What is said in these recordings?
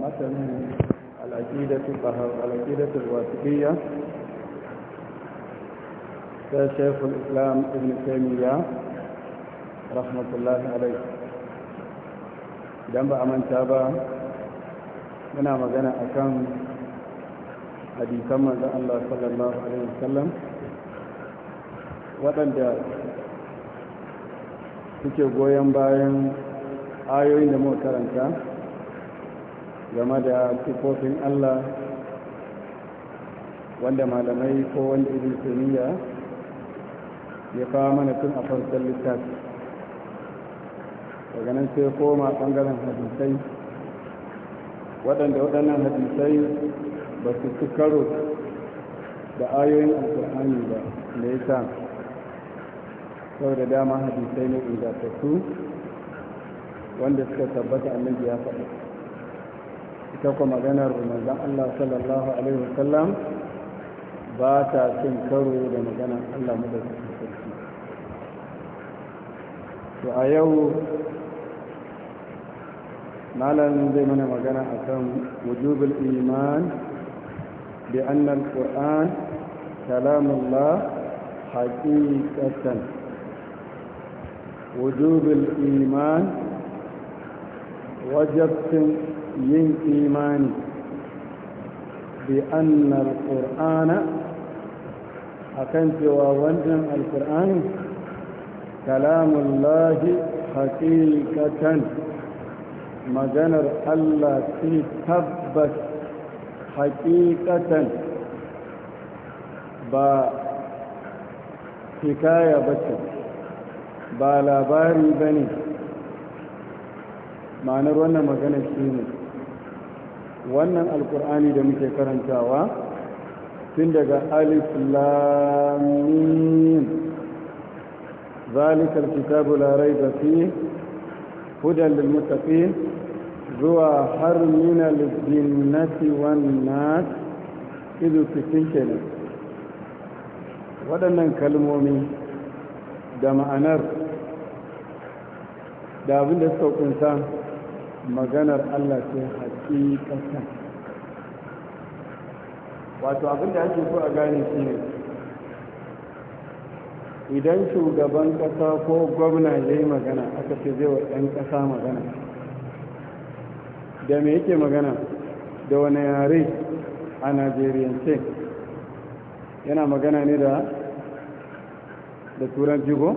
مثلا العقيدة العقيدة الواسطية شيخ الإسلام ابن تيمية رحمة الله عليه ba a manta ba muna magana a kan waɗanda suke goyon bayan ayoyin da muka karanta game da sifofin Allah wanda malamai ko wanda ibn tuniya ya kawo mana tun a farkon littafi daga nan sai koma bangaren hadisai waɗanda waɗannan hadisai ba su ci karo da ayoyin alkur'ani ba da ya sa sau da dama hadisai ne ingantattu wanda suka tabbata annabi ya faɗa ita kuma maganar manzon Allah sallallahu alaihi wasallam ba ta cin karo da maganar Allah madaukakin sarki to a yau malam zai mana magana akan wujubul iman bi anna quran kalamullah حقيقة وجوب الإيمان وجبت من إيماني بأن القرآن أكنت ووجن القرآن كلام الله حقيقة مجنر الله في تبت حقيقة با حكاية بشر با لاباري بني ma'anar wannan magana shi ne wannan alkur'ani da muke karantawa tun daga alif lamin zalikar kitabu larai da fi hudan lilmutafi zuwa har nina liljinnati wannan idu cikin kenan waɗannan kalmomi da ma'anar da abin da suka kunsa maganar Allah ce hakikata wato abin da ake so a gane shi ne idan shugaban ƙasa ko gwamna ya yi magana aka ce zai wa 'yan ƙasa magana da me yake magana da wani yare a najeriyance yana magana ne da da turanci ko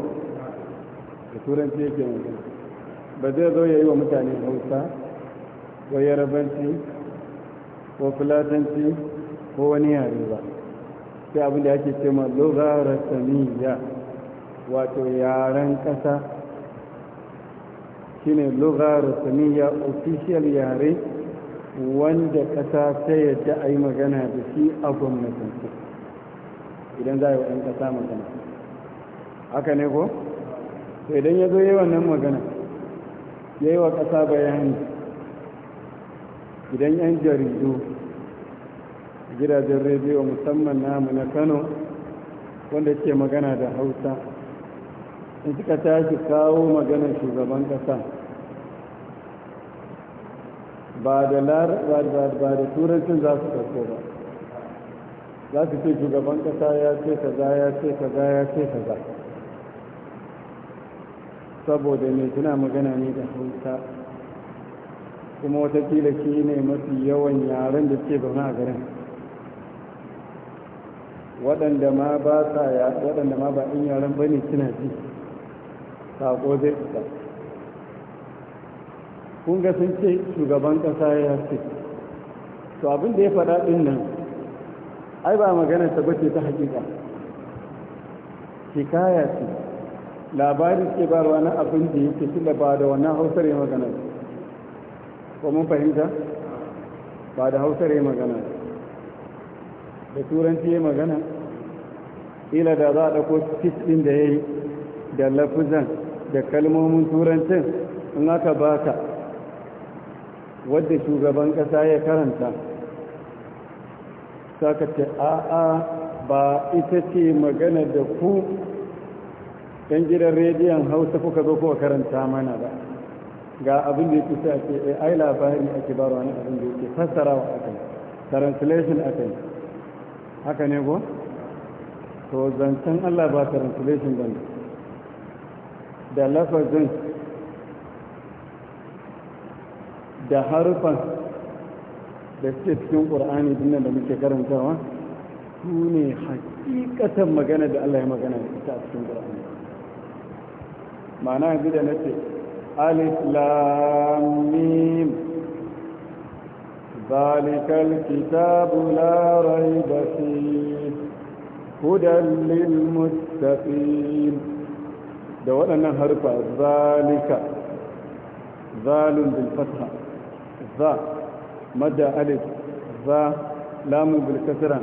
da turanci yake magana ba zai zo ya yi wa mutane hausa ko yarabanci ko filatanci ko wani yare ba sai abin da ake ce ma loga rasamiya wato yaren ƙasa shine loga rasamiya official yare wanda ƙasa ta yadda a yi magana da shi a gwamnatance idan za a yi wa ɗan ƙasa magana haka ne ko? idan ya zo yi wannan magana ya yi wa ƙasa bayani idan 'yan jaridu gidajen rediyo musamman namu na kano wanda ke magana da hausa in suka tashi kawo maganar shugaban ƙasa ba da turancin za su ɗauko ba za su ce shugaban ƙasa ya ce kaza ya ce kaza ya ce kaza saboda mai tuna magana ne da hausa kuma watakila shi ne mafi yawan yaren da ke zaune a garin waɗanda ma ba sa ya waɗanda ma ba in yaren ba ne suna ji saƙo zai isa kun ga sun ce shugaban ƙasa ya ce to abin da ya faɗa ɗin nan ai ba magana ta bace ta hakika hikaya ce Labarin ke ba na abin da yake tunda ba da wannan hausar ya magana ko mun fahimta ba da hausar ya magana da turanci ya magana ila da za a ɗauko tis ɗin da ya yi da lafuzan da kalmomin turancin in aka ka. wadda shugaban ƙasa ya karanta saka ce a'a ba ita ce magana da ku ɗan gidan rediyon hausa kuka zo kuka karanta mana ba ga abin da yake sai ake eh, ai labari ake baro wani abin da yake fassara wa akai translation akai haka ne ko to zancen Allah ba translation bane da lafazin da harfan da suke cikin ƙur'ani dinnan da muke karantawa su ne hakikatan magana da Allah ya magana da ita a cikin ƙur'ani ma'ana yanzu da na ce alif lamim zalikal kitabu la raiba fi hudan lil muttaqin da waɗannan harfa zalika zalun bil fatha za madda alif za lamun bil kasra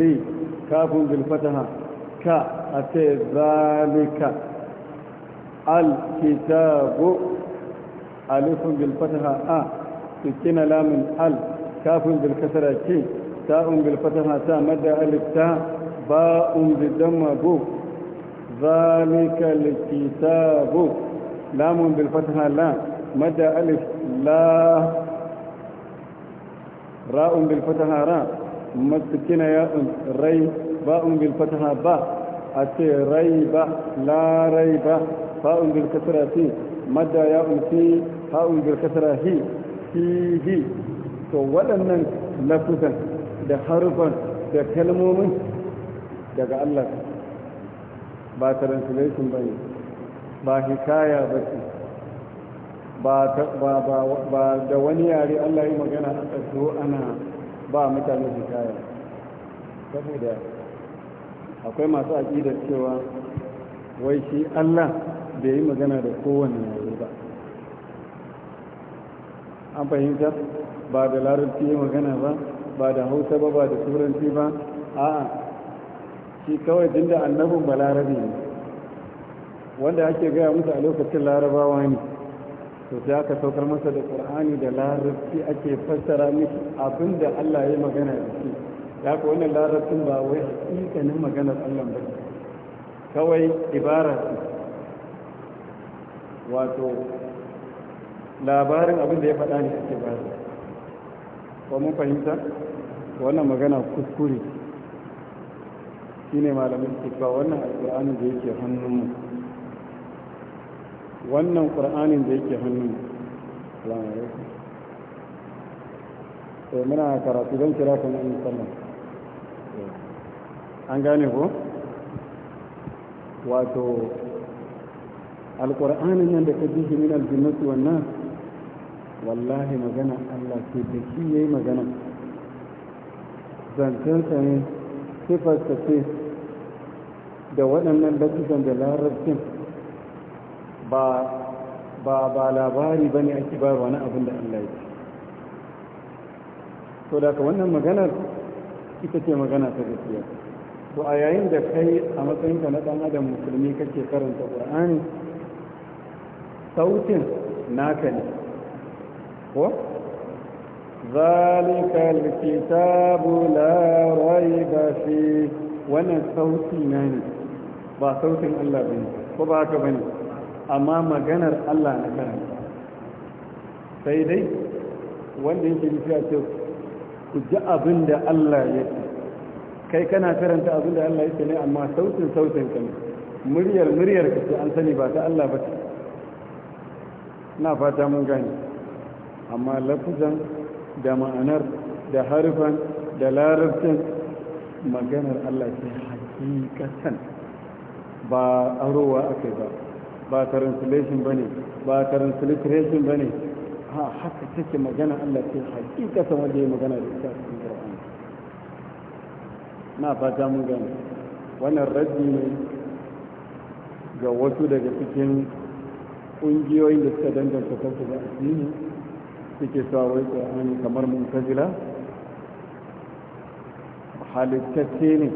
li kafun bil fataha ka ce zalika الكتاب ألف بالفتحة أ آه. سكين لام ال كاف بالكسرة ت تاء بالفتحة تاء مد ألف تاء باء بالدم بو ذلك الكتاب لام بالفتحة لا مد ألف لا راء بالفتحة راء مسكين ياء ري باء بالفتحة باء أتي ريبة لا ريبة فاء بالكسرة في مد ياء في فاء بالكسرة هي فيه to waɗannan lafuzan da harufan da kalmomin daga Allah ba translation ba ne ba hikaya ba ce ba da wani yare Allah yi magana a ƙarfi ana ba mutane hikaya saboda akwai masu aƙidar cewa wai shi Allah bai yi magana da kowane yare ba an fahimta ba da larabci ya magana ba ba da hausa ba ba da turanci ba a'a shi kawai jin da annabin ba larabi ne wanda ake gaya musu a lokacin larabawa ne to sai aka saukar masa da ƙur'ani da larabci ake fassara miki abin da allah ya magana da shi ya ka wannan larabcin ba wai hakikanin maganar allah ba kawai ibara ce wato labarin abin da ya faɗa ne a ba da ba mun fahimta wannan magana kuskure Shi ne malamin suke wannan alƙur'anin da yake hannunmu wannan ƙur'anin da yake hannunmu salamu alaikum sai muna karatu don kira kuma in musamman an gane ko wato alƙur'anin nan da ta ji min aljinnati wannan wallahi magana Allah ce da shi yayi magana zancensa ne sifarsa ce da waɗannan lafizan da larabcin ba ba labari ba ne ake ba wani abin da Allah ya ce to da ka wannan maganar ita ce magana ta gaskiya to a yayin da kai a matsayinka na ɗan adam musulmi kake karanta ƙur'ani sautin naka ne ko zalika alkitabu la raiba fi wannan sauti na ne ba sautin Allah bane ko ba haka bane amma maganar Allah na kan sai dai wanda yake nufi a ce ku ji abin da Allah ya ce kai kana karanta abin da Allah ya ce ne amma sautin sautin ka ne muryar muryar ka ce an sani ba ta Allah ba ce na fata mun gani amma lafuzan da ma'anar da harfan da larabcin maganar Allah ce hakikatan ba arowa aka ba ba translation ba ne ba transliteration ba ne ha haka take magana Allah ce hakikatan wanda ya magana da ita cikin Qur'ani na fata mun gani wannan raddi ne ga wasu daga cikin ƙungiyoyin da suka danganta kansu da addini suke sa wai kamar muntazila halittacce ne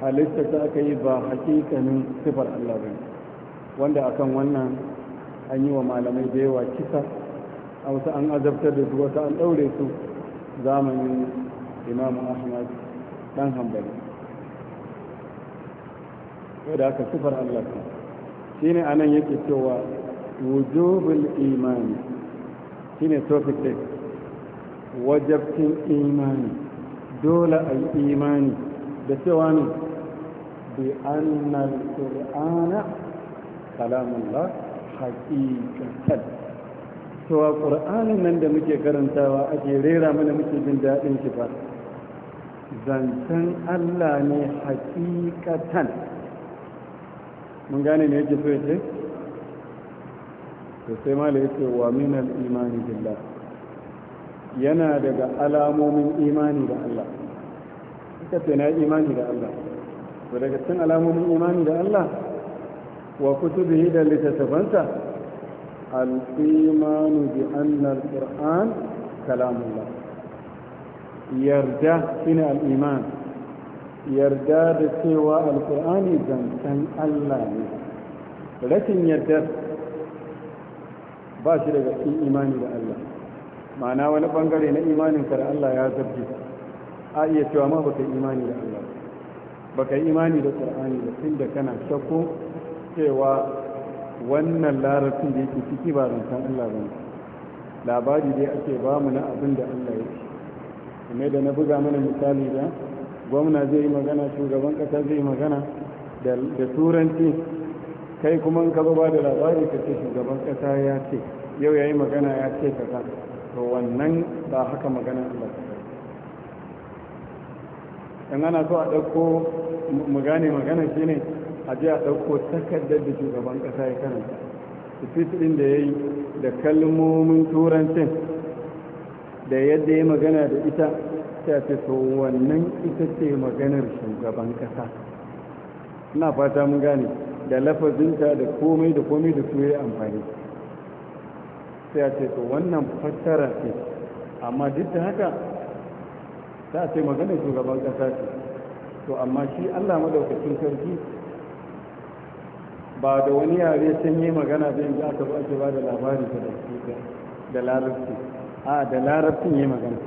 halitta aka yi ba hakikanin sifar Allah ba wanda akan wannan an yi wa malamai da yawa kisa a wasu an azabtar da su wasu an ɗaure su zamanin imamu ahmad ɗan hambali wadda aka sifar Allah shi ne anan yake cewa wujubul imani shine topic din Wajabcin imani dole a imani da cewa ne bi annal qur'ana kalamullah haqiqatan cewa qur'anin nan da muke karantawa ake rera mana muke jin daɗin shi ba zancen Allah ne haqiqatan mun gane ne yake so ya to sai mala yace wa min al-imani billah yana daga alamomin imani da Allah suka ce na imani da Allah to daga cikin alamomin imani da Allah wa kutubihi da littattafansa al-imanu bi anna al-qur'an kalamullah yarda shine al-iman yarda da cewa al-qur'ani zancen Allah ne rashin yarda ba shi daga cikin imani da Allah ma'ana wani bangare na imanin da Allah ya zarge a iya cewa ma baka imani da Allah baka imani da Qur'ani da tun da kana shakku cewa wannan larabcin da yake ciki ba zancen Allah ba labari dai ake ba mu na abin da Allah ya ce da na buga mana misali da gwamna zai yi magana shugaban kasa zai yi magana da turanci kai kuma in ka zo ba da labari ka ce shugaban kasa ya ce yau ya yi magana ya ce kaza to wannan ba haka magana ba dan ana so a ɗauko mu gane magana shine a je a ɗauko takardar da shugaban kasa ya karanta speech din da ya yi da kalmomin turancin da yadda ya magana da ita ta ce to wannan ita ce maganar shugaban kasa ina fata mun gane da lafazinta da komai da komai da su yi amfani sai a ce to wannan fassara ce amma duk da haka ta ce magana shugaban kasa ce to amma shi allah madaukakin sarki ba da wani yare sun yi magana zai yi aka ba ake ba da labari da larabci a da larabcin yi magana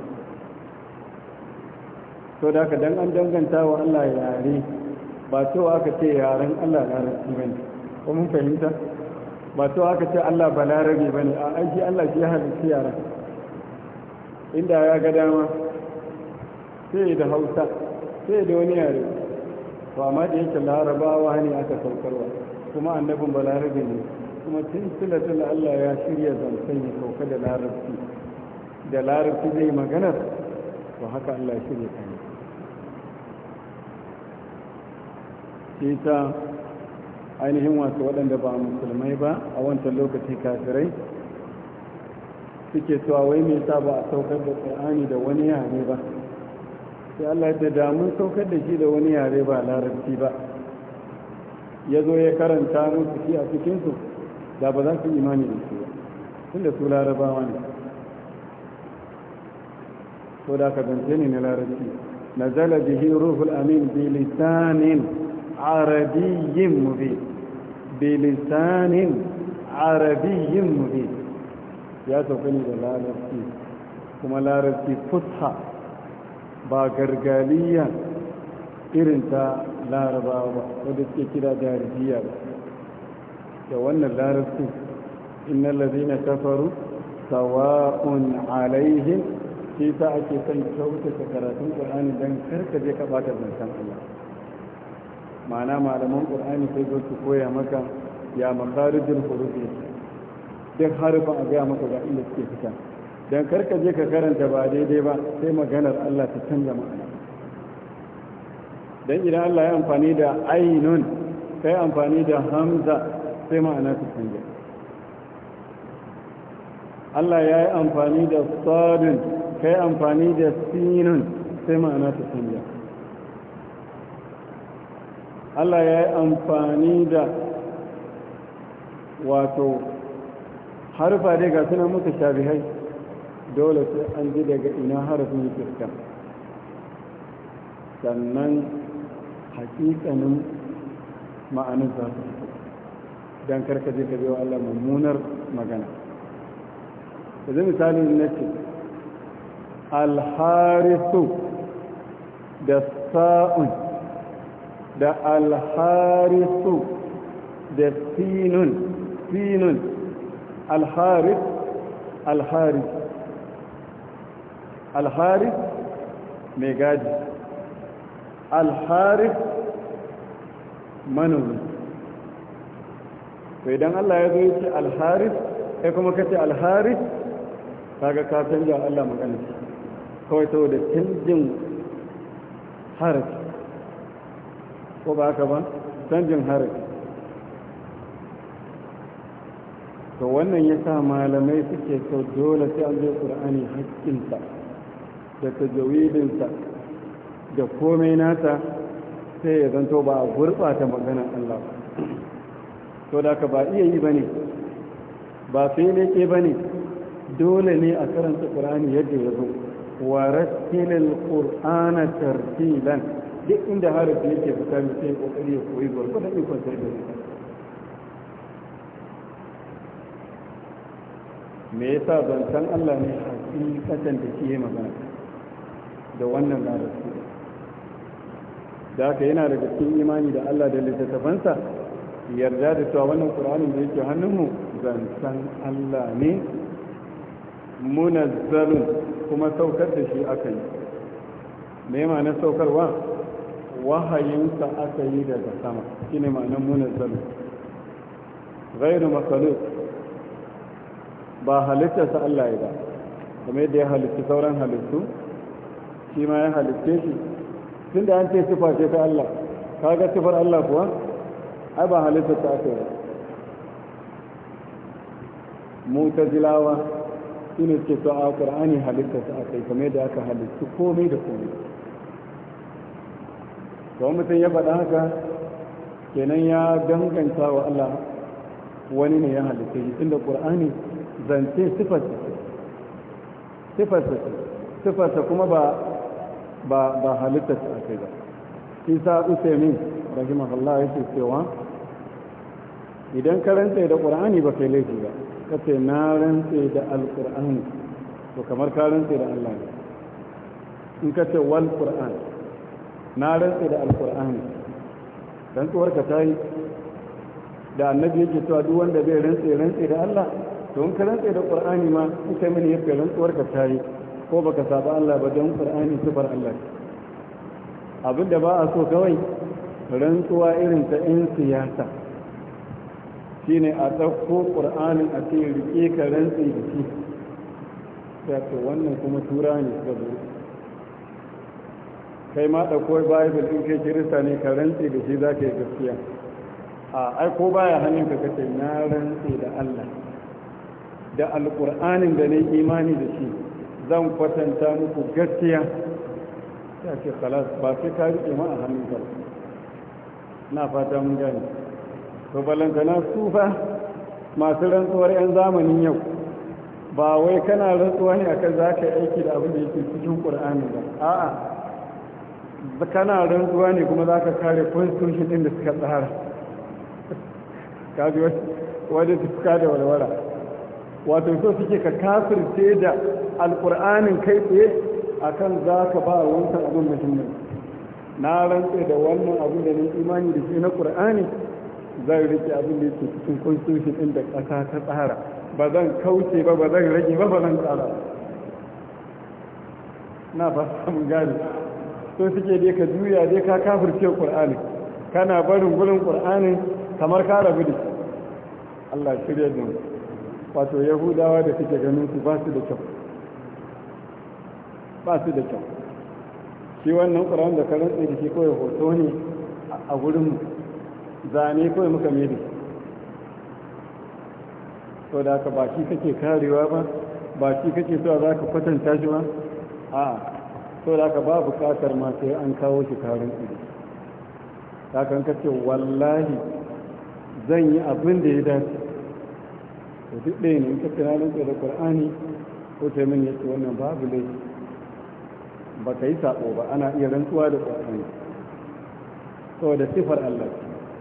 to da haka dan an danganta wa allah yare ba cewa aka ce yaren Allah larabci bane ko mun fahimta ba cewa aka ce Allah ba larabi bane a aiki Allah shi ya halitta yaran inda ya ga dama sai da Hausa sai da wani yare to amma da yake larabawa ne aka saukarwa kuma annabin ba larabi ne kuma tun tilatul Allah ya shirya zancen ya sauka da larabci da larabci zai magana to haka Allah shirya kan sai ainihin wasu waɗanda ba musulmai ba a wancan lokaci kafirai suke cewa wai mai sa ba a saukar da ƙur'ani da wani yare ba sai Allah da damun saukar da shi da wani yare ba larabci ba ya zo ya karanta musu shi a cikinsu da ba za su imani da shi ba tun da su larabawa ne Ko da ka zance ne na larabci nazala bihi ruhul amin bi lisanin عربي مبين بلسان عربي ya tafi ni da larabci kuma larabci fusha ba gargaliya irin ta larabawa ba wadda suke kira jaridiya ba da wannan larabci inna lalzina kafaru sawa'un alaihim shi ta ake son kyautata karatun ƙwarani dan karka je ka bata zancen Allah ma'ana malaman ƙur'ani sai zo su koya maka ya makarijin hurufi duk harufin a gaya maka ga inda suke fita don karka je ka karanta ba daidai ba sai maganar Allah ta canza ma'ana don idan Allah ya amfani da ainun sai amfani da hamza sai ma'ana ta canza Allah ya yi amfani da sadun kai amfani da sinun sai ma'ana ta canza Allah ya yi amfani da wato harfa dai ga suna muka shabihai dole sai an ji daga ina yi firka sannan hakikanin ma'anin za su fito don karkace ka biyo Allah mummunar magana yanzu misali na ce alharisu da sa'un da alharisu da sinun sinun alharis alharis alharis mai gadi alharis manomi to idan allah ya zo ya ce alharis ya kuma kace alharis kaga ka canja allah magana kawai saboda canjin harafi ko ba haka ba canjin harin? to wannan ya sa malamai suke sau dole sai an zo ƙur'ani haƙƙinsa da tajawidinsa da komai nata sai ya zanto ba a gurɓata maganar Allah to da ka ba iya yi ba ne ba sai ne ke ba ne dole ne a karanta ƙur'ani yadda ya zo wa rattilil ƙur'ana tartilan duk inda harafi yake fita mai sai kokari ya koyi da ikon sai da ya me zan san Allah ne a cikin kasan da ke magana da wannan larabci da aka yana daga cikin imani da Allah da littattafansa yarda da cewa wannan ƙuranin da yake hannunmu san Allah ne munazzalun kuma saukar da shi aka yi Mai ma'anar saukarwa wahayinsa aka yi daga sama shi ne ma'anar zama gairu makaluk ba halittarsa Allah ya ba kuma yadda ya halitti sauran halittu shi ma ya halitte shi tun da an ce sifa ce ta Allah ka ga sifar Allah kuwa ai ba halittarsa aka yi ba Jilawa su ne ce to ƙar'ani halittarsa aka yi kuma yadda aka halittu komai da komai to mutum ya faɗa haka kenan ya danganta wa Allah wani ne ya halitta shi inda qur'ani zance kuma ba halitta kuma ba ba ba shi sa kai ba isa usaimin ya ce cewa idan ka rantse da qur'ani ba kai laifi ba kace na rantse da alqur'ani to kamar ka rantse da Allah ne in ka ce wal qur'ani na rantsa da alkur'ani rantsuwar ka ta yi da annabi yake cewa duk wanda zai rantsa rantsa da Allah to in ka rantsa da qur'ani ma in kai mini yake rantsuwar ka ta yi ko baka saba Allah ba dan qur'ani sifar Allah abinda ba a so kawai rantsuwa irin ta in siyasa shine a dauko ƙur'ani a cikin rike ka rantsa da shi ya wannan kuma tura ne ga kai ma ɗauko bible in kai kirista ne ka rantse da shi za ka yi gaskiya a ai ko baya hannun ka kace na rantse da Allah da alƙur'anin da na imani da shi zan kwatanta muku gaskiya ta ce salas ba sai ka riƙe ma a hannun ka na fata mun gani to balantana sufa masu rantsuwar 'yan zamanin yau ba wai kana rantsuwa ne akan za ka yi aiki da abin da yake cikin ƙur'anin ba a'a kana rantsuwa ne kuma za ka kare constitution ɗin da suka tsara kaji wadda suka da walwala wato so suke ka kafirce da alƙur'anin kai tsaye akan za ka ba wancan abin mutumin na rantse da wannan abin da nan imani da shi na ƙur'ani zai rike abin da yake cikin constitution ɗin da ƙasa ta tsara ba zan kauce ba ba zan rage ba ba zan tsara na ba samun gari so suke dai ka juya dai ka kafirce qur'ani kana barin gurin qur'anin kamar ka rabu da shi Allah shirya da wato yahudawa da suke ganin su ba su da kyau ba su da kyau shi wannan ƙuran da karin da shi kawai hoto ne a gurin zane kawai muka mede so da aka ba shi kake karewa ba ba shi kake so za ka kwatanta shi ba A'a. so da ka ba bukatar ma sai an kawo shi karin ido takan ka ce wallahi zan yi abin da ya dace to duk ɗaya ne in ka tunanin da qur'ani ko ta min yace wannan babu laifi ba ka yi sabo ba ana iya rantsuwa da qur'ani da sifar Allah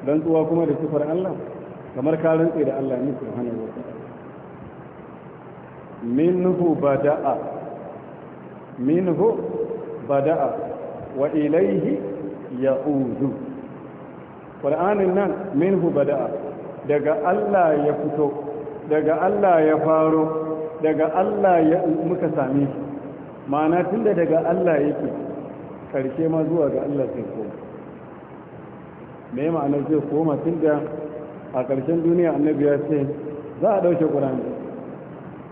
rantsuwa kuma da sifar Allah kamar ka rantse da Allah ne subhanahu wa ta'ala minhu bada'a minhu bada'a wa ilaihi ya'udu qur'anin nan minhu bada'a daga Allah ya fito daga Allah ya faro daga Allah ya muka same shi ma'ana tunda daga Allah yake karshe ma zuwa ga Allah sai koma me ma'anar zai koma tunda a ƙarshen duniya annabi ya ce za a ɗauke ƙur'ani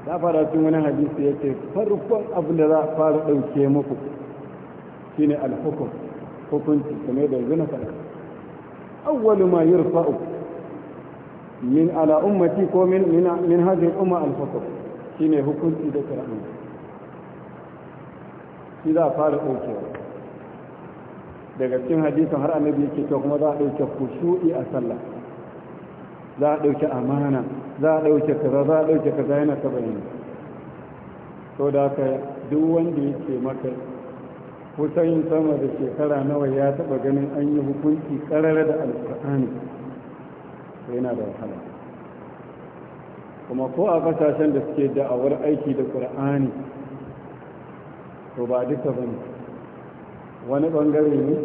na fara cikin wani hadisi ya ce farkon abin da za a fara ɗauke muku shine al-hukm hukunci kamar da zina na faɗa awwalu ma yurfa'u min ala ummati ko min min hadhihi umma al-hukm shine hukunci da karatu shi za a fara ɗaukewa daga cikin hadisin har annabi yake cewa kuma za a ɗauke kushu'i a sallah za a ɗauke amana za a ɗauke kaza za a ɗauke kaza yana ta bayani to da ka duk wanda yake maka kusan sama da shekara nawa ya taba ganin an yi hukunci karara da alkur'ani yana da wahala kuma ko a kasashen da suke da'awar aiki da kur'ani to ba duka ba ne wani bangare ne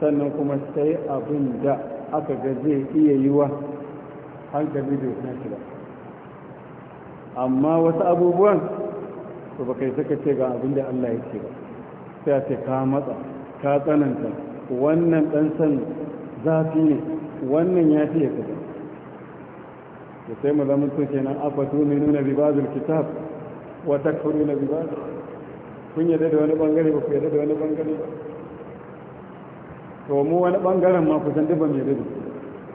sannan kuma sai abin da aka ga zai iya yiwa hankali da ya shi amma wasu abubuwan to ba kai suka ce ga abin da allah ya ce ba sai a ce ka matsa ka tsananta wannan ɗan san zafi ne wannan ya fiye kaza da sai mu zama to nan afatu ne nuna ribazul kitab wa takfuru na ribazul kun yadda da wani bangare ba ku yadda da wani bangare ba to mu wani bangaren ma kusan duk mai rubu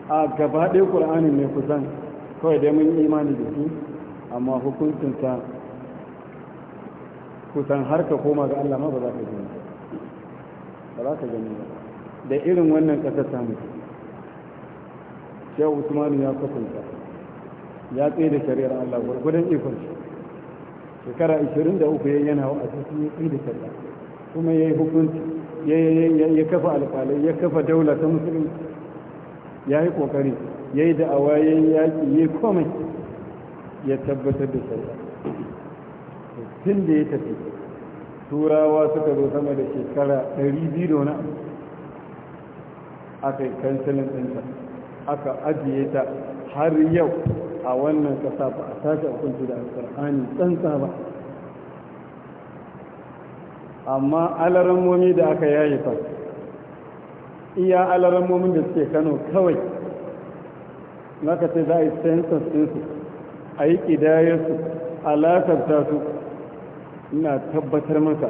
a gaba ɗaya ƙur'anin ne kusan kawai dai mun imani da shi amma hukuncin sa kusan har ka koma ga Allah ma ba za ka gani ba za ka gani ba da irin wannan ƙasar ta mutu shehu usmanu ya kwatanta ya tsaye da shari'ar Allah gwargwadon ikon shi shekara 23 ya yana wa a cikin ya tsaye da shari'a kuma ya yi hukunci ya kafa alƙalai ya kafa daula ta musulunci ya yi ƙoƙari ya yi da'awa ya yi yaƙi ya komai ya tabbatar da shari'a tun da ya tafi turawa suka zo sama da shekara 200 da wani aka yi kansilin ɗinta aka ajiye ta har yau a wannan kasa ba a tashi a kunci da alƙar'ani tsantsa ba amma alarammomi da aka yaye fa iya alarammomin da suke kano kawai ka ce za a yi census ɗinsu a yi ƙidayarsu lasarta su ina tabbatar maka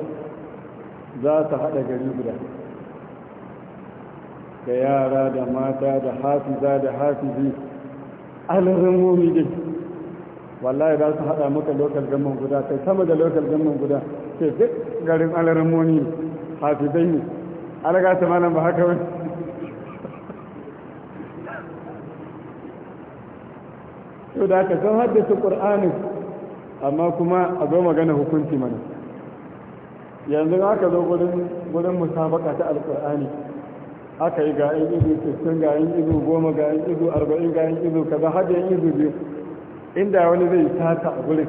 za su haɗa gari guda da yara da mata da hafiza da hafizi alramomi dai wallahi za su haɗa maka lokal gamman guda kai sama da lokal gamman guda ke duk garin hafi hafizai ne alaga ta malam ba haka wani yau da aka san haddasa ƙur'anin amma kuma a zo magana hukunci mana yanzu aka zo gudun musabaka ta alkur'ani aka yi ga yan izu 60 ga yan izu goma ga yan izu arba'in ga yan izu kaza har yan izu biyu inda wani zai tata a gurin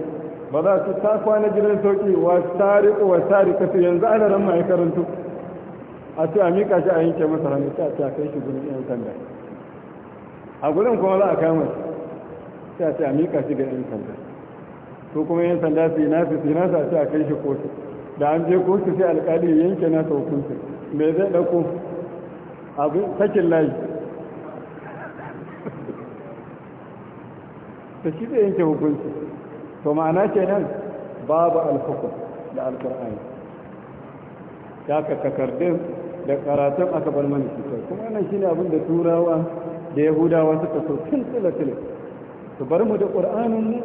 ba za su ta kwana gidan sauki wa sariƙo wa sariƙa su yanzu ana ran ma ya karantu a ce a miƙa shi a yanke masa hannu sai a ce a kai shi gurin yan sanda a gurin kuma za a kama shi sai a ce a miƙa shi ga yan sanda su kuma yin sanda su yi nasu su yi nasu a ce a kai shi kotu da an je kotu sai alkali ya yanke nasa hukunci me zai ɗauko abu sakin layi ta shi zai yanke hukunci to ma'ana nan babu alhukum da alkur'ani ya ka takardun da karatun aka bar mana cutar kuma nan shine abin da turawa da yahudawa suka so tsila su bar mu da ƙur'anin mu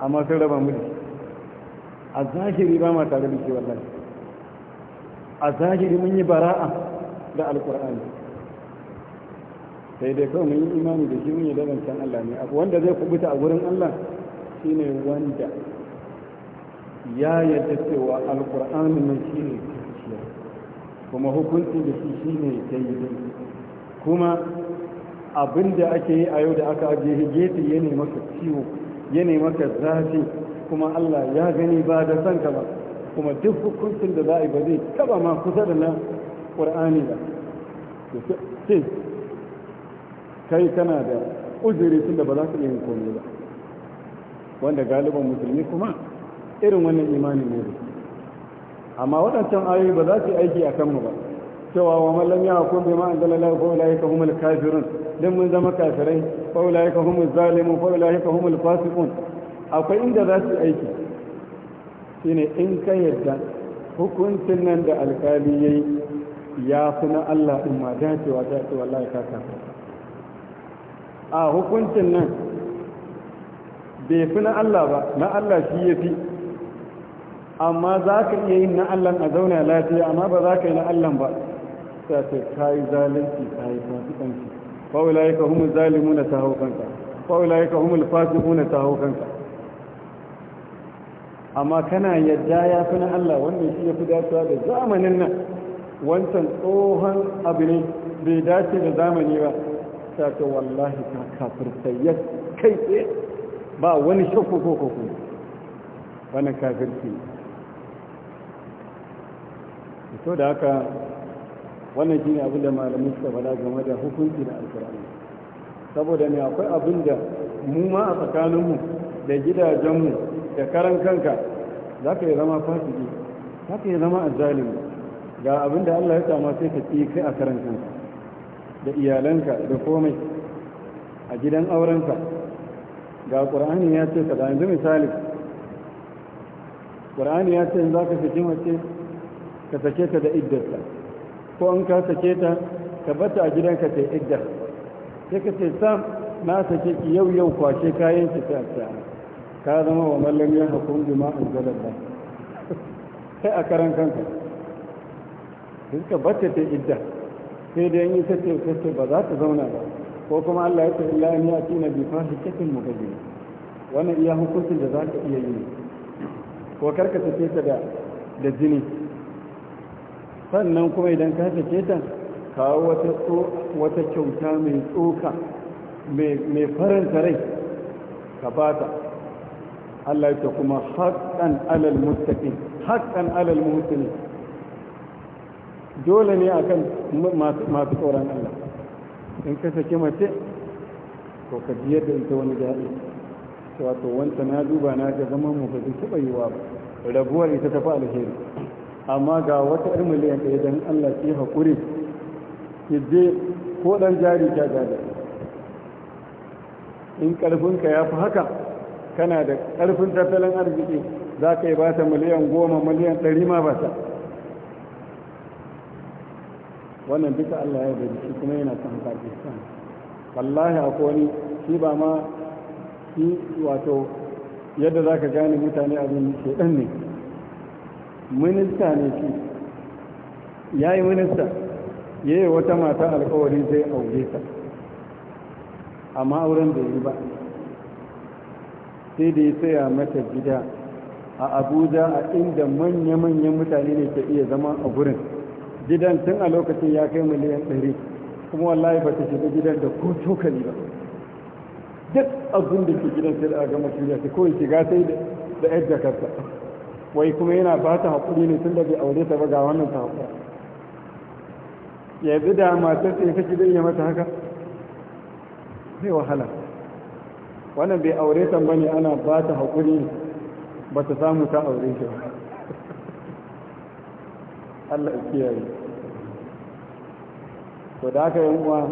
amma sun raba mu a zahiri ba ma tare da shi wallahi a zahiri mun yi bara'a da alkur'ani sai dai kawai mun yi imani da shi mun yi can Allah ne abu wanda zai kubuta a wurin Allah shine wanda ya yadda cewa alkur'ani nan shine gaskiya kuma hukunci da shi shi yi daidai kuma abin da ake yi a yau da aka ajiye gefe ya ne maka ciwo ya maka zafi kuma Allah ya gani ba da san ka ba kuma duk hukuncin da za a yi ba zai taba ma kusa da nan ƙur'ani ba sai kai kana da uzuri tun da ba za su iya komai ba wanda galiban musulmi kuma irin wannan imanin ne amma waɗancan ayoyi ba za su yi aiki a kanmu ba cewa wa mallam ya hukum bi ma anzala Allah fa ka humul kafirun dan mun zama kafirai fa ulaika humuz zalimun fa ka humul fasiqun akwai inda za su aiki shine in ka yarda hukuncin nan da alkali yayi ya fi na Allah din ma cewa ta ce wallahi ka kafa a hukuncin nan bai fi na Allah ba na Allah shi ya fi amma za ka iya yin na Allah a zauna lafiya amma ba za ka yi na Allah ba suka ce ka yi zalunci ka yi fasikanci fa'ula ya kahu zalimu na taho kanka fa'ula ya kahu mulfasiku na taho kanka amma kana yadda ya fi na Allah wanda shi ya fi dacewa da zamanin nan wancan tsohon abu ne bai dace da zamani ba ta ce wallahi ka kafirtayyar kai tsaye ba wani shakku ko koko wannan kafirci to da haka wannan shi ne abin da malamin suka faɗa game da hukunci da alkur'ani saboda ne akwai abin da mu ma a tsakaninmu da gidajenmu da karan kanka za ka yi zama fasiki za ka yi zama azalimi ga abin da allah ya sama sai ka ci kai a karan kanka da iyalanka da komai a gidan aurenka ga ƙur'ani ya ce ka da yanzu misali ƙur'ani ya ce za ka fi mace ka sake ta da iddarta ko an ka sake ta ka bata a gidanka ta idda sai ka ce sam na sake ki yau yau kwace kayan ki ta ta ka zama wa mallam ya hukum bima anzalallah kai a karan kanka sai ka bata ta idda sai dai in ta ce ta ce ba za ta zauna ba ko kuma Allah ya ce illa ya yati na bi fahishatin mubin wannan iya hukuncin da za ka iya yi ko karka ce ta da da jini sannan kuma idan ka sake ta kawo wata kyauta mai tsoka mai faranta rai ka bata Allah ta kuma haƙƙan alal mustaqim haƙƙan alal muhsini dole ne akan masu tsoron Allah in ka sake mace to ka ji yadda ita wani daɗi wato wanta na duba na ga zaman mu ba zai taɓa yiwa ba rabuwar ita tafi alheri amma ga wata ɗan miliyan ɗaya don allah ke haƙuri je ko ɗan jari ta gada in ƙarfinka ya fi haka kana da ƙarfin tattalin arziki za ka yi ba ta miliyan goma miliyan ɗari ma ba ta wannan duka allah ya bari shi kuma yana kan pakistan wallahi akwai ni shi ba ma shi wato yadda za ka gane mutane abin ɗan ne minista ne shi ya yi minista ya yi wata mata alkawari zai aure ta amma auren da yi ba sai da ya tsaya mata gida a abuja a inda manya-manyan mutane ne ke iya zama a gurin gidan tun a lokacin ya kai miliyan 100 kuma wallahi ba ta shiga gidan da ko cokali ba duk abin da ke gidan sai da a gama shirya ta kawai shiga sai da yadda karta wai kuma yana ba ta haƙuri ne tun da bai aure ta ba ga wannan ta haƙura ya bi da matar tsaye kake zai yi mata haka zai wahala wannan bai aure ta bane ana ba ta haƙuri ba ta samu ta aure shi ba Allah ya kiyaye to da ka yi uwa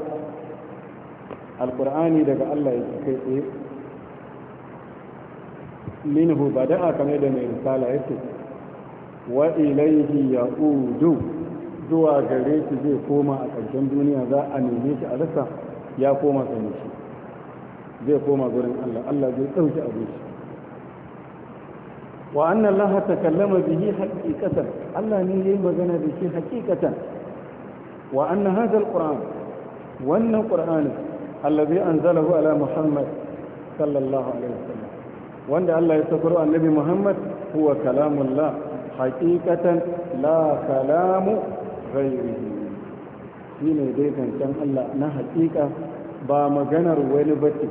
alqur'ani daga Allah ya kai tsaye minhu bada'a kamar da mai risala yake wa ilaihi ya'udu zuwa gare shi zai koma a ƙarshen duniya za a neme shi a rasa ya koma sani shi zai koma gurin Allah Allah zai ɗauki abin shi wa annan laha ta kallama bihi haƙiƙatan Allah ne ya yi magana da shi haƙiƙatan wa annan hadal ƙur'an wannan ƙur'anin allazi anzalahu ala muhammad sallallahu alaihi wasallam wanda Allah ya sakar annabi Muhammad huwa kalamullah haqiqatan la kalamu ghairihi shine dai zancen Allah na haqiqa ba maganar wani bace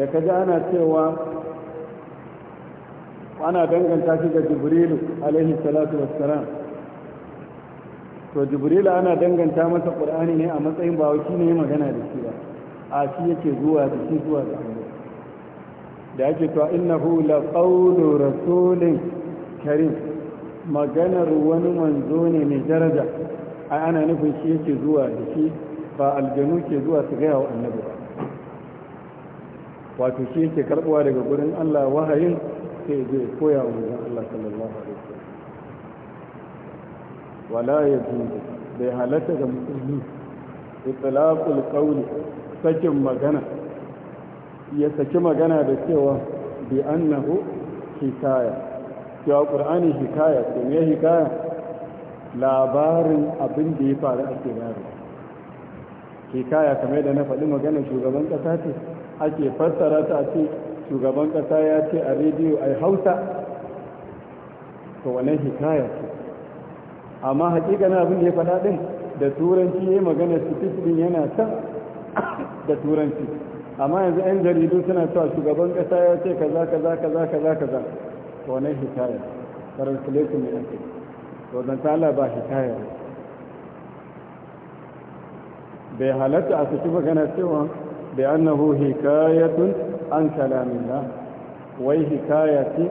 da kaji ana cewa ana danganta shi ga Jibrilu alaihi salatu wassalam to Jibrilu ana danganta masa Qur'ani ne a matsayin ba shi ne magana da shi ba a shi yake zuwa da shi zuwa da Allah da yake to innahu la qawlu rasulin karim maganar wani manzo ne mai daraja ai ana nufin shi yake zuwa da shi ba aljanu ke zuwa su gaya wa annabi ba wato shi yake karbuwa daga gurin Allah wahayin sai zai koya wa manzon Allah sallallahu alaihi wasallam wala yajuzu bai halatta ga musulmi itlaqul qawli sakin magana ya saki magana da cewa bi annahu hikaya cewa qur'ani hikaya ko me hikaya labarin abin da ya faru a cikin hikaya kamar da na faɗi magana shugaban ƙasa ce ake fassara ta a ce shugaban ƙasa ya ce a rediyo ai hausa to wannan hikaya ce amma hakikanin abin da ya faɗa ɗin da turanci ya yi magana su yana ta da turanci amma yanzu 'yan jaridu suna cewa shugaban kasa ya ce kaza kaza kaza kaza kaza to wannan hikaya translation ne ake to dan Allah ba hikaya bai halatta a saki magana cewa bai annahu hikayatun an kalamina wai hikaya ce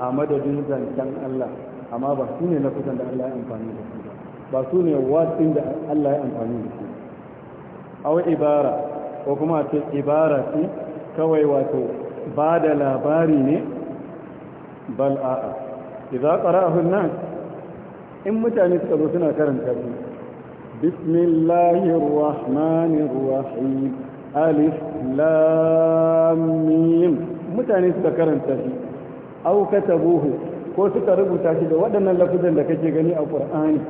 a madadin zancen Allah amma ba su ne na kusan da Allah ya amfani da su ba su ne watsin da Allah ya amfani da su a ibara ko kuma a ce ibara ce kawai wato ba da labari ne bal a'a idza qara'ahu an in mutane suka zo suna karanta shi bismillahir rahmanir rahim alif lam mim mutane suka karanta shi aw katabuhu ko suka rubuta shi da waɗannan lafuzan da kake gani a qur'ani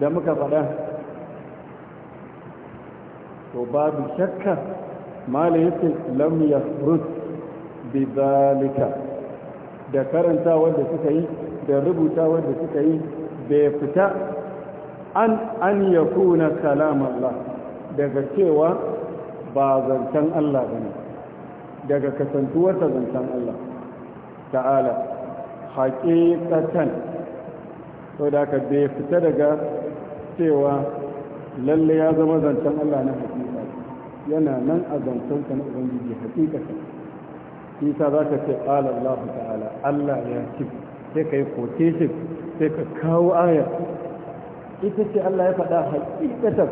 da muka faɗa to babu shakka mala yake lam yasrut bi da karanta wanda suka yi da rubuta wanda suka yi bai fita an an yakuna kalam Allah daga cewa ba zantan Allah bane daga kasantuwar zantan Allah ta'ala haqiqatan to da ka bai fita daga cewa lalle ya zama zancen Allah na hakika yana nan a zancen ka na ubangiji hakika ka isa za ka ce qala Allah ta'ala Allah ya ce sai ka yi shi sai ka kawo aya ita ce Allah ya faɗa hakikatan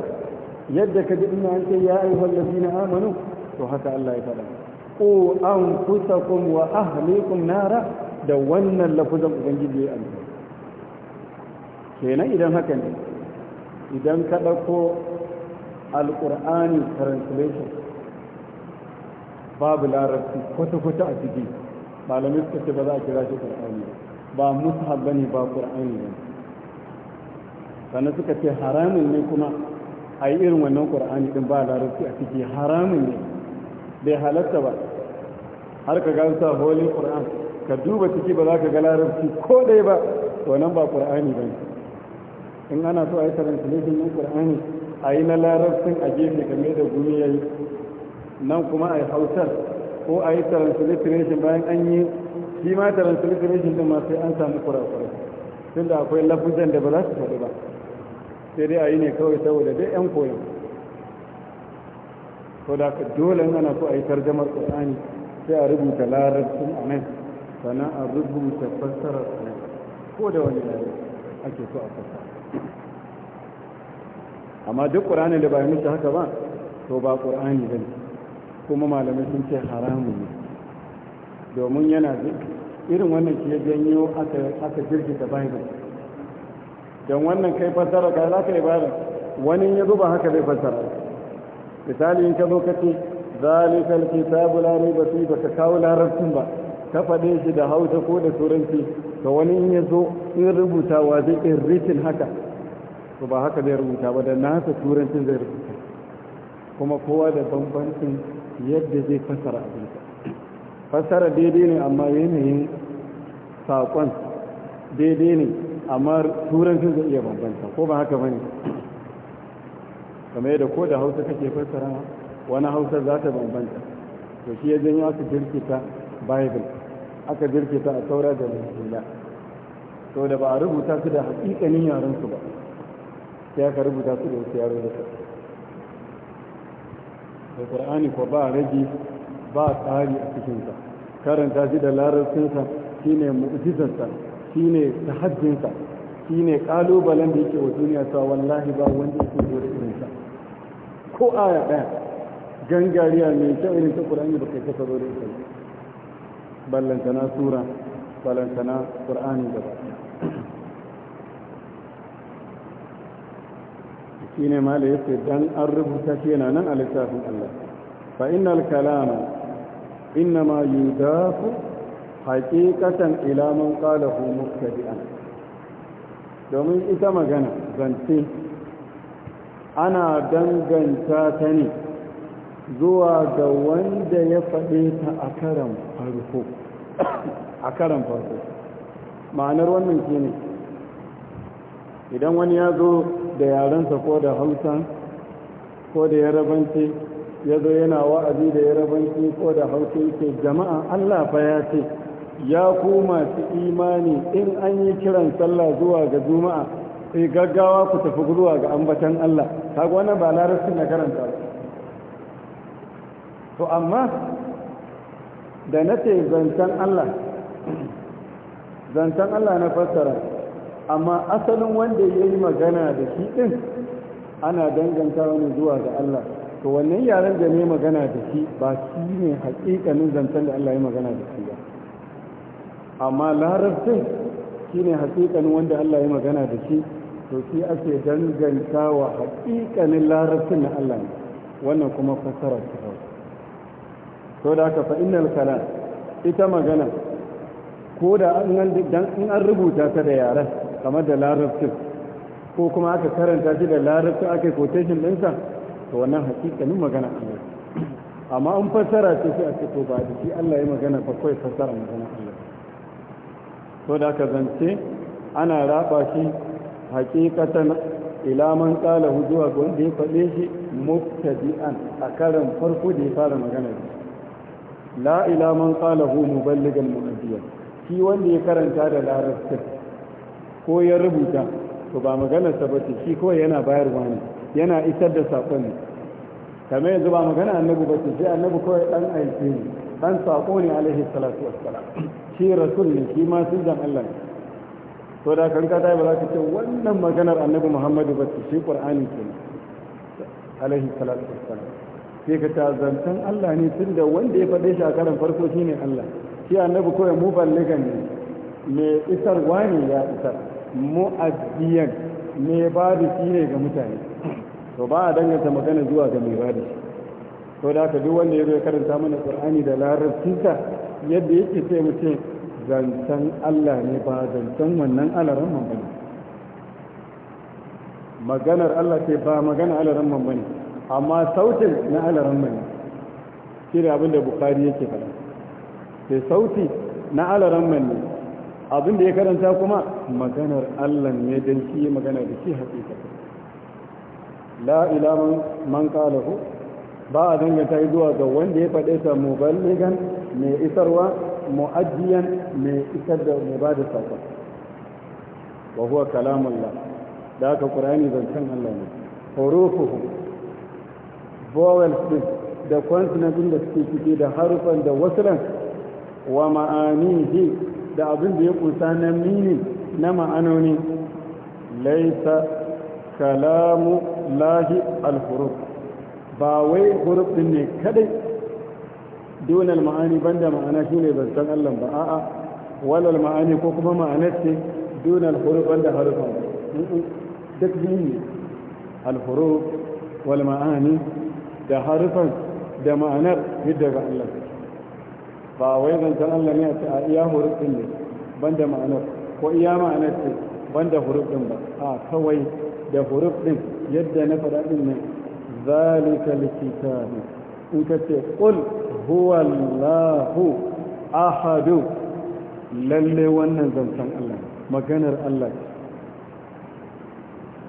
yadda ka ji ina an ce ya ayyuhal na amanu to haka Allah ya faɗa ko an kusa anfusakum wa ahlikum nara da wannan lafuzan ubangiji ya yi alfa kenan idan haka ne idan ka ɗauko alƙur'ani translation babu larabci kwata-kwata a ciki malamai suka ce ba za a kira shi ƙur'ani ba musa ba ne ba ƙur'ani ba sannan suka ce haramun ne kuma a yi irin wannan ƙur'ani ɗin ba larabci a ciki haramun ne bai halatta ba har ka sa holin ƙur'an ka duba ciki ba za ka ga larabci ko ɗaya ba to nan ba ƙur'ani ba ne in ana so a yi translation din ƙur'ani a yi na larabcin a gefe game da gumi yi nan kuma a yi hausar ko a yi translation bayan an yi shi ma translation din ma sai an samu kurakurai da akwai lafuzan da ba za su faɗi ba sai dai a yi ne kawai saboda dai yan koyon ko da dole ana so a yi tarjamar ƙur'ani sai a rubuta larabcin a nan sannan a rubuta fassarar a ko da wani larabci ake so a fassara amma duk ƙur'ani da bai musu haka ba to ba ƙur'ani ba kuma malamai sun ce haramun ne domin yana irin wannan ke janyo aka jirgita bible don wannan kai fassara ka za ka yi bada wani ya zuba haka zai fassara misali in ka zo ka ce zalikal kitabu la riba ba ka kawo larabcin ba ka faɗe shi da hausa ko da turanci to wani in ya zo in rubutawa zai in ritin haka to ba haka zai rubuta ba da nasa turancin zai rubuta kuma kowa da bambancin yadda zai fassara abinsa fassara daidai ne amma yanayin saƙon daidai ne amma turancin zai iya bambanta ko ba haka bane kamar yadda ko da hausa kake fassara wani hausa za ta bambanta to shi ya janyo aka jirkita bible aka jirkita a saura da rubutula to da ba a rubuta su da haƙiƙanin su ba ya ka rubuta su da wasu yaro da su da ƙar'ani ko ba rage ba tsari a cikinsa karanta shi da larabcinsa shine mu'jizansa shine tahajjinsa shine ƙalubalen da yake wa duniya ta, wallahi ba wanda yake zo da irinsa ko aya ɗaya gangariya mai kyau irin ta ƙur'ani ba kai kasa zo da ita ballantana sura ballantana ƙur'ani gaba ɗaya shi ma da ya dan an rubuta shi yana nan a littafin Allah fa innal kalama ma yudafu haqiqatan ila man hu muktadi'an domin ita magana zance ana danganta ta ne zuwa ga wanda ya faɗe ta a karan farko a farko ma'anar wannan shi idan wani ya zo da yarensa ko da hausan ko da yarabanci ya zo yana wa'azi da yarabanci ko da hausa yake jama'a allah fa ya ce ya ku masu imani in an yi kiran sallah zuwa ga juma'a sai gaggawa ku tafi zuwa ga ambatan allah ta wannan ba larabci na karanta to amma da na ce zancen allah zancen allah na fassara amma asalin wanda ya yi magana da shi ɗin ana danganta wani zuwa ga Allah to wannan yaren da ne magana da shi ba shi ne haƙiƙanin zancen da Allah ya magana da shi ba amma larabcin shi ne haƙiƙanin wanda Allah ya magana da shi to shi ake danganta wa haƙiƙanin larabcin na Allah ne wannan kuma fassara ta hau to da aka fa innal kalam ita magana ko da an rubuta ta da yaren kamar da larabcin ko kuma aka karanta shi da larabcin aka yi quotation ɗinsa to wannan hakikanin magana Allah amma in fassara ce sai a ce to ba da shi Allah ya magana ba kawai fassara magana Allah to da aka zance ana raba shi hakikatan ilaman tsala qala zuwa ga wanda ya faɗe shi mubtadi'an a karin farko da ya fara magana la ila tsala qala hu muballigan mu'addiyan shi wanda ya karanta da larabcin ko ya rubuta to ba maganar sa bace shi kawai yana bayarwa ne yana isar da sakon ne kamar yanzu ba magana annabi bace sai annabi kawai dan aike ne dan sako ne alaihi salatu wassalam shi rasul ne shi ma sunjan Allah ne to da kan dai ba za ka ce wannan maganar annabi Muhammadu bace shi Qur'ani ke alaihi salatu wassalam sai ka ta zantan Allah ne tunda wanda ya faɗe shi a karan farko shine Allah shi annabi kawai mu balligan ne mai isarwa ne ya isar mu'addiyan mai ba da shi ne ga mutane to ba a danganta magana zuwa ga mai ba da shi to da ka duk wanda ya zo ya karanta mana qur'ani da larabcinsa yadda yake sai mu ce zancen Allah ne ba zancen wannan alaran man bane maganar Allah ce ba magana alaran man bane amma sautin na alaran man shi ne abin da bukari yake faɗa sai sauti na alaran man ne abin da ya karanta kuma maganar Allah ne don shi magana da shi haƙiƙa la ilaman man qalahu ba a danganta zuwa ga wanda ya faɗe ta muballigan mai isarwa mu'addiyan mai isar da mu ba da wa huwa kalamullah da aka qur'ani zancen Allah ne hurufuhu vowels din da consonant da suke cike da harufan da wasulan wa ma'anihi da abin da ya kusa na mini na ma'anoni laisa kalamu lahi alfuruf ba wai huruf ne kadai donal ma'ani banda ma'ana shine zancen Allah ba a'a walal ma'ani ko kuma ma'anar ce donal huruf banda harufa duk ne alfuruf wal ma'ani da harufan da ma'anar yadda ga Allah ba wai zancen Allah ne a iya hurufin ne ban da ma'anar ko iya ma'anar ce huruf hurufin ba a kawai da hurufin yadda na faɗa ɗin ne zalika ne, in ka ce qul huwallahu ahadu lalle wannan zancen Allah maganar Allah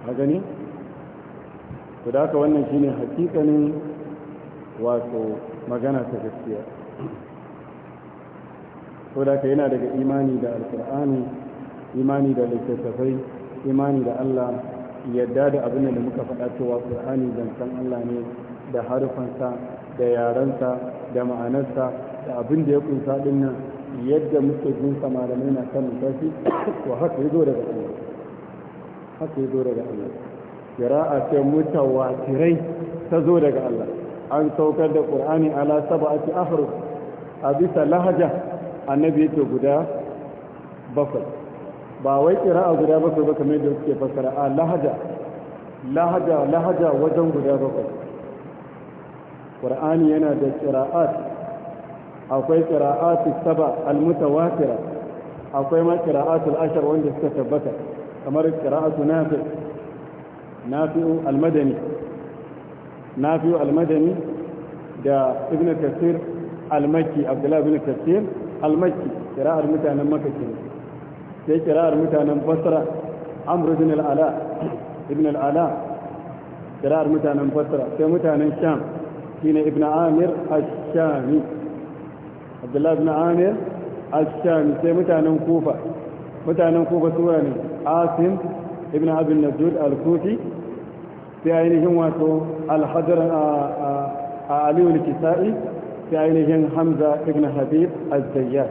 a gani ku da haka wannan shine hakikanin wato magana ta gaskiya saboda ka yana daga imani da alkur'ani imani da littattafai imani da allah yadda da abin da muka faɗa cewa qur'ani zancen allah ne da harufansa da yarensa da ma'anarsa da abin da ya kunsa din nan yadda muke jin sa malamai na kan tashi wa haka zo daga allah haka zo daga allah qira'a ce mutawatirai ta zo daga allah an saukar da qur'ani ala sab'ati ahruf a bisa lahaja annabi yake guda bakwai ba wai kira'a guda bakwai ba kamar yadda suke fassara a lahaja lahaja lahaja wajen guda bakwai qur'ani yana da qira'at akwai qira'at saba almutawatira akwai ma qira'at al-ashar wanda suka tabbata kamar qira'at nafi nafi'u al-madani nafi'u al-madani da ibn kathir al-makki abdullah ibn kathir al-makki kira'ar mutanen makka kenan sai kira'ar mutanen basra amr ibn al-ala ibn al-ala kira'ar mutanen basra sai mutanen sham shine ibn amir ash-shami abdullah ibn amir ash-shami sai mutanen kufa mutanen kufa suwa ne asim ibn abin najud al-kufi sai ainihin wato al-hadar a aliyul kisa'i da ainihin hamza ibn habib az-zayyar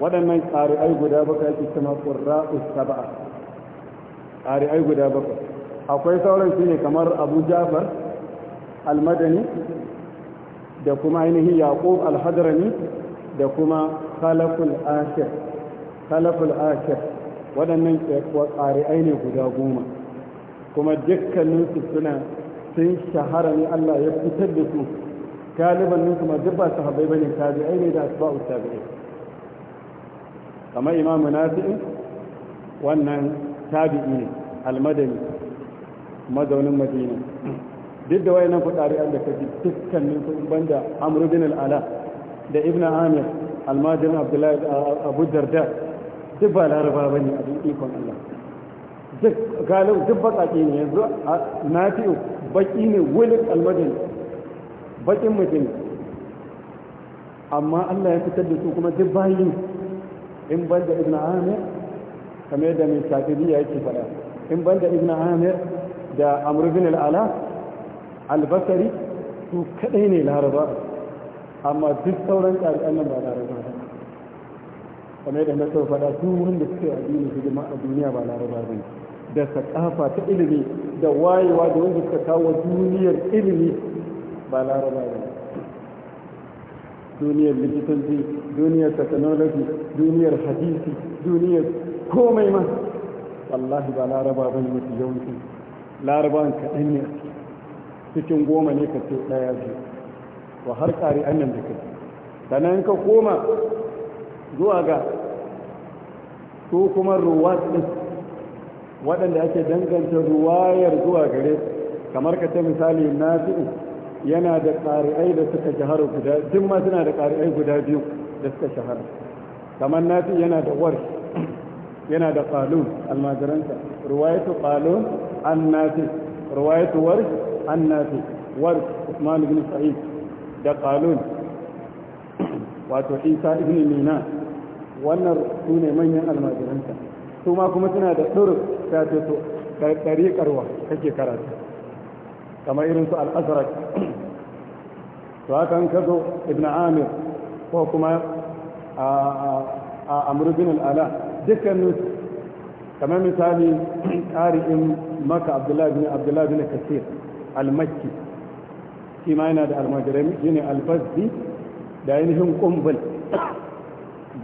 waɗannan ƙari'ai guda bakwai ake cima ƙurra saba'a ƙari'ai guda bakwai akwai sauran su ne kamar abu jafar al-madani da kuma ainihin yaqub al-hadrani da kuma khalaful ashir khalaful ashir waɗannan ƙari'ai ne guda goma kuma dukkaninsu suna sun shahara ne Allah ya fitar da su galiban ninsu ma duk ba su bane ba ne ai ne da asba'u tabi'ai kamar imamu nafi'in wannan tabi'i ne almadani mazaunin madina duk da wayannan fudari an da kaji dukkanin su banda amr bin al da ibn amir almajirin abdullahi abu darda duk ba laraba ne a duk ikon Allah duk galibu duk baƙaƙe ne yanzu na nafi'u baƙi ne wulin almadani bakin mutum amma Allah ya fitar da su kuma duk bayin in ban da ibn amir kamar da mai shafiri ya yake faɗa in ban da ibn amir da amurbin al'ala albasari su kaɗai ne laraba amma duk sauran tsari nan ba laraba ba kamar da nasar faɗa su wanda suke addini hidima a duniya ba laraba ba da sakafa ta ilimi da wayewa da wanda suka kawo duniyar ilimi ba laraba ba duniyar likitanci duniyar technology duniyar hadisi duniyar komai ma wallahi ba laraba ba ne mafi yawanci larabawan kaɗan ne cikin goma ne ka ce ɗaya biyu wa har ƙari annan da kai sannan ka koma zuwa ga su kuma ruwat ɗin waɗanda ake danganta ruwayar zuwa gare kamar ka ce misali na nafi'u yana da ƙari'ai da suka shahara guda duk ma suna da ƙari'ai guda biyu da suka shahara kamar nafi yana da war yana da qalun almajiranta ruwayatu qalun an nafi ruwayatu war an nafi war usman ibn sa'id da qalun wato isa ibn mina wannan su ne manyan almajiranta su ma kuma suna da ɗuruk ta ce to ɗariƙarwa kake karatu kamar irin su al su to hakan ka zo ibn amir ko kuma a amr bin al-ala dukkanin kamar misali qari'in maka abdullahi bin abdullahi bin kasir al-makki shi ma yana da almajirai shine al-bazzi da ainihin kumbul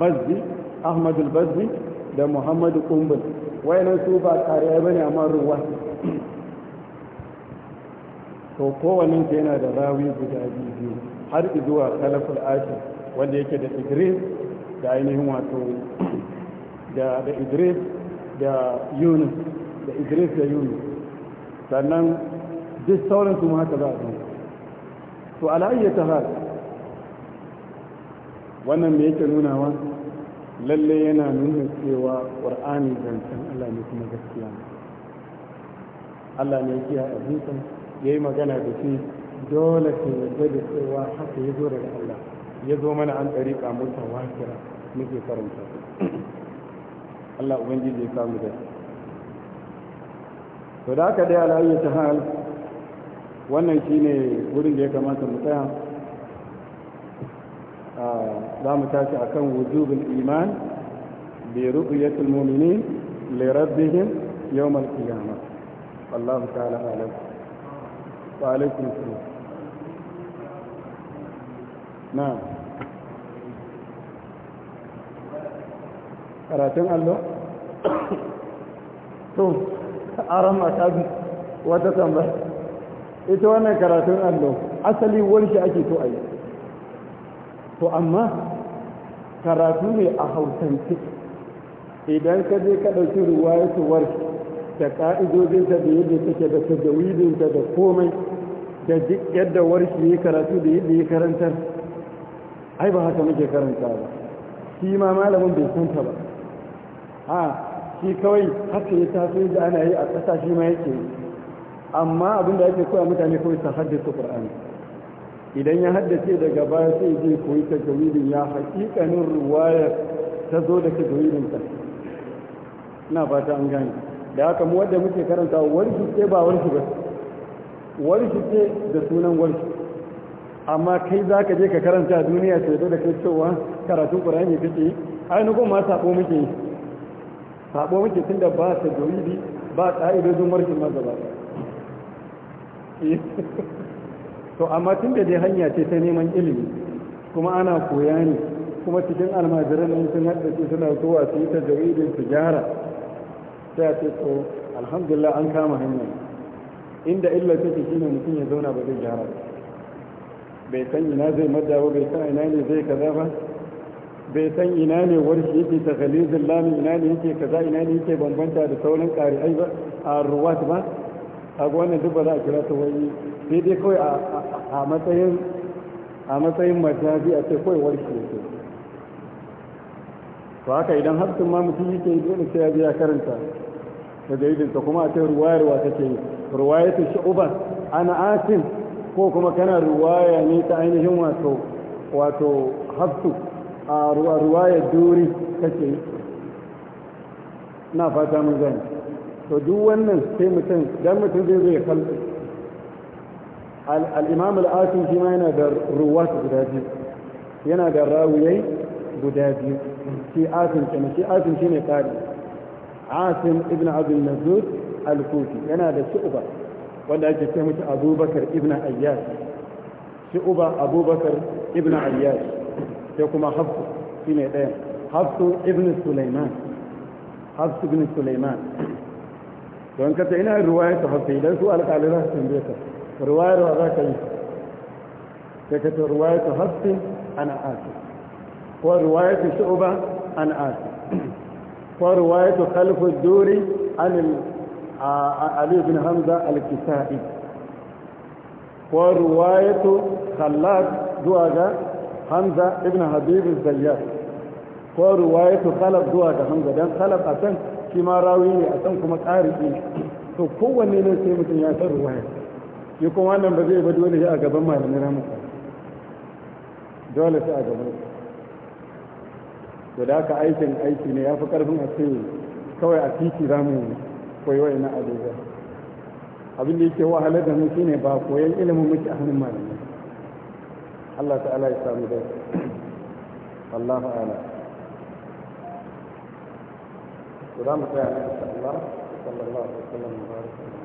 bazzi ahmad al-bazzi da Muhammadu kumbul wayannan su ba ƙari'ai bane amma ruwa to kowanne ke yana da rawi guda biyu har zuwa salaful ashir wanda yake da idris da ainihin wato da idris da yunus da idris da yunus sannan duk sauran su haka za a zo to al'ayya ta hal wannan me yake nunawa lalle yana nuna cewa ƙwar'ani zancen allah ne kuma gaskiya Allah ne ya abin abinsa ya yi magana da shi dole ke yadda da cewa haka ya zo daga Allah ya zo mana an ɗariƙa ta wakira muke karanta Allah ubangiji ya samu da to da aka dai al'ayyar ta hal wannan shi ne wurin da ya kamata mu tsaya za mu tashi a kan wujubin iman bi ru'yatil mu'minin li rabbihim yawm qiyamah wallahu ta'ala alam wa alaikum salam na'am karatun allo to aran bi wata tambaya ita wannan karatun allon asali warshi ake to a yi to amma karatu ne a hausance idan ka je ka ɗauki ruwa ya warshi da ka'idodinta da yadda take da tajawidinta da komai da yadda warki ya karatu da yadda ya karanta ai ba haka muke karanta ba shi ma malamin bai santa ba Ha shi kawai haka ya taso da ana yi a ƙasa, shi ma yake amma abin da ake koya mutane kawai su haddasa qur'ani idan ya haddace daga baya sai zai koyi tajawidin ya haƙiƙanin ruwayar ta zo da ta ta ina fata an gane da haka mu wanda muke karanta warshi ce ba warshi ba warshi ce da sunan warshi amma kai za ka je ka karanta duniya ce da kai cewa karatun ƙura'ani kake yi ainihin ma sabo muke yi sabo muke tun da ba ta doridi ba ƙa'idojin warshi ma gaba to amma tun da dai hanya ce ta neman ilimi kuma ana koya ne kuma cikin almajiran sun haɗa ce suna zuwa su yi ta jaridin su gyara sai a ce oh, alhamdulillah an kama hanyar inda illa take ne mutum ya zauna ba zai gyara bai san ina zai madda ba bai san ina ne zai kaza ba bai san ina ne warshi yake ta galizin lami ina ne yake kaza ina ne yake bambanta da sauran ƙari'ai ba a ruwat ba a wannan duk ba za a kira ta wani sai dai kawai a matsayin a matsayin majazi a ce kawai warshi yake to haka idan har ma mutum yake dole sai ya biya ya karanta da jaridinsa kuma a cikin ruwayarwa take yi ruwayatun shi'uban ana asin ko kuma kana ruwaya ne ta ainihin wato wato hafsu a ruwaya duri take yi na fata mun zai to duk wannan sai mutum dan mutum zai zai kalbi al-imam al shi ma yana da ruwat guda biyu yana da rawuyai guda biyu shi asin kenan shi asim shine kari asim ibn yana da shu'uba wanda ake ce mishi abubakar ibn ayyas shu'uba abubakar ibn ayyas sai kuma hafsu shine ɗayan hafsu ibn sulaiman hafsu ibn sulaiman don kata ina ruwaya ta Hafi, idan su alƙalin za su tambaye ka ruwayar wa za ka yi sai ka ta ruwaya ta Hafi, ana asim ko ruwaya ta shu'uba ana asim farwaitu khalfu duri an ali ibn hamza al-kisai farwaitu khallad duaga hamza ibn habib al-zayyad farwaitu khalaf duaga hamza dan khalaf asan shi ma rawi ne asan kuma qari'i to kowanne sai mutum ya san ruwaya shi kuma wannan ba zai ba dole shi a gaban malamin ramuka dole shi a gaban to da haka aikin aiki ne ya fi karfin a ce kawai a titi za mu koyi wa ina abubuwa abin da yake wahalar da mu shine ba koyan ilimin muke a hannun malamai Allah ta'ala ya samu dai Allahu a'lam to za mu tsaya ne Allah sallallahu alaihi wa sallam